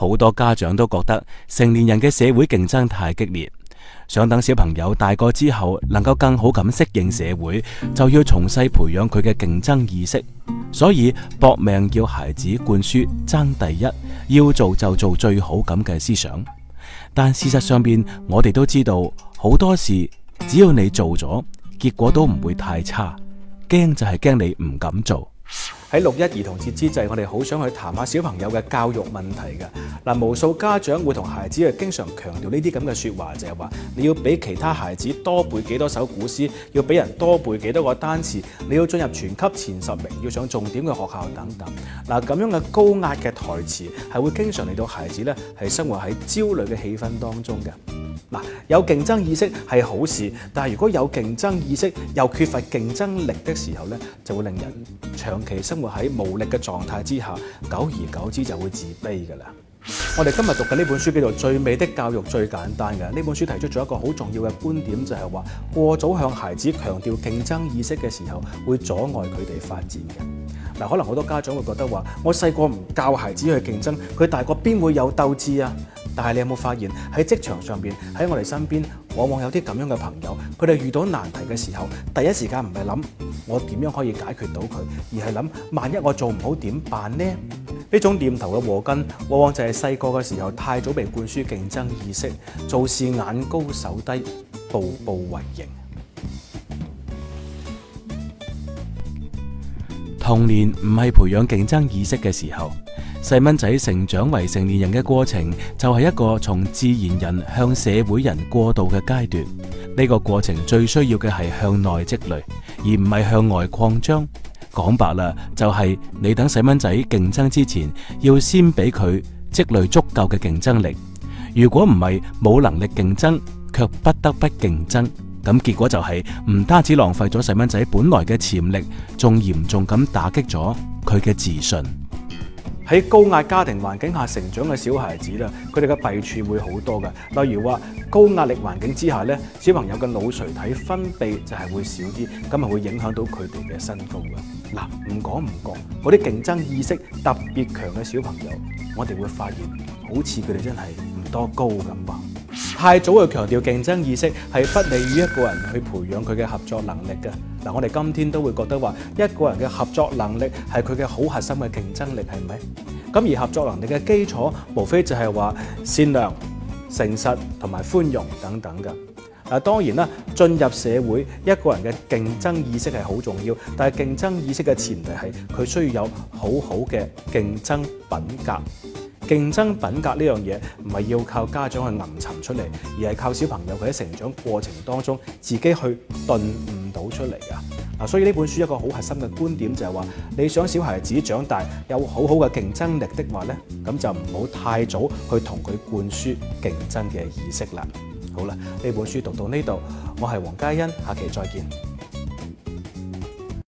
好多家長都覺得成年人嘅社會競爭太激烈，想等小朋友大個之後能夠更好咁適應社會，就要從細培養佢嘅競爭意識，所以搏命叫孩子灌輸爭第一，要做就做最好咁嘅思想。但事實上邊，我哋都知道，好多事只要你做咗，結果都唔會太差，驚就係驚你唔敢做。喺六一兒童節之際，我哋好想去談下小朋友嘅教育問題嘅。嗱，無數家長會同孩子啊，經常強調呢啲咁嘅説話，就係話你要比其他孩子多背幾多首古詩，要俾人多背幾多個單詞，你要進入全級前十名，要上重點嘅學校等等。嗱，咁樣嘅高壓嘅台詞係會經常令到孩子咧，係生活喺焦慮嘅氣氛當中嘅。嗱，有競爭意識係好事，但係如果有競爭意識又缺乏競爭力的時候呢，就會令人長期生活喺無力嘅狀態之下，久而久之就會自卑㗎喇。我哋今日讀嘅呢本書叫做《最美的教育最簡單》嘅，呢本書提出咗一個好重要嘅觀點，就係話過早向孩子強調競爭意識嘅時候，會阻礙佢哋發展嘅。嗱，可能好多家長會覺得話，我細個唔教孩子去競爭，佢大個邊會有鬥志啊？但係你有冇發現，喺職場上邊，喺我哋身邊，往往有啲咁樣嘅朋友，佢哋遇到難題嘅時候，第一時間唔係諗我點樣可以解決到佢，而係諗萬一我做唔好點辦呢？呢種念頭嘅禍根，往往就係細個嘅時候太早被灌輸競爭意識，做事眼高手低，步步為營。童年唔係培養競爭意識嘅時候，細蚊仔成長為成年人嘅過程就係、是、一個從自然人向社會人過渡嘅階段。呢、這個過程最需要嘅係向內積累，而唔係向外擴張。講白啦，就係、是、你等細蚊仔競爭之前，要先俾佢積累足夠嘅競爭力。如果唔係，冇能力競爭，卻不得不競爭。咁結果就係唔單止浪費咗細蚊仔本來嘅潛力，仲嚴重咁打擊咗佢嘅自信。喺高壓家庭環境下成長嘅小孩子啦，佢哋嘅弊處會好多嘅。例如話高壓力環境之下咧，小朋友嘅腦垂體分泌就係會少啲，咁啊會影響到佢哋嘅身高嘅。嗱，唔講唔講，嗰啲競爭意識特別強嘅小朋友，我哋會發現好似佢哋真係唔多高咁吧。太早去強調競爭意識係不利於一個人去培養佢嘅合作能力嘅。嗱、嗯，我哋今天都會覺得話一個人嘅合作能力係佢嘅好核心嘅競爭力，係咪？咁、嗯、而合作能力嘅基礎無非就係話善良、誠實同埋寬容等等嘅。嗱、嗯，當然啦，進入社會，一個人嘅競爭意識係好重要，但係競爭意識嘅前提係佢需要有好好嘅競爭品格。競爭品格呢樣嘢唔係要靠家長去吟沉出嚟，而係靠小朋友佢喺成長過程當中自己去頓悟到出嚟㗎。嗱、啊，所以呢本書一個好核心嘅觀點就係話，你想小孩子長大有好好嘅競爭力的話呢，咁就唔好太早去同佢灌輸競爭嘅意識啦。好啦，呢本書讀到呢度，我係黃嘉欣，下期再見。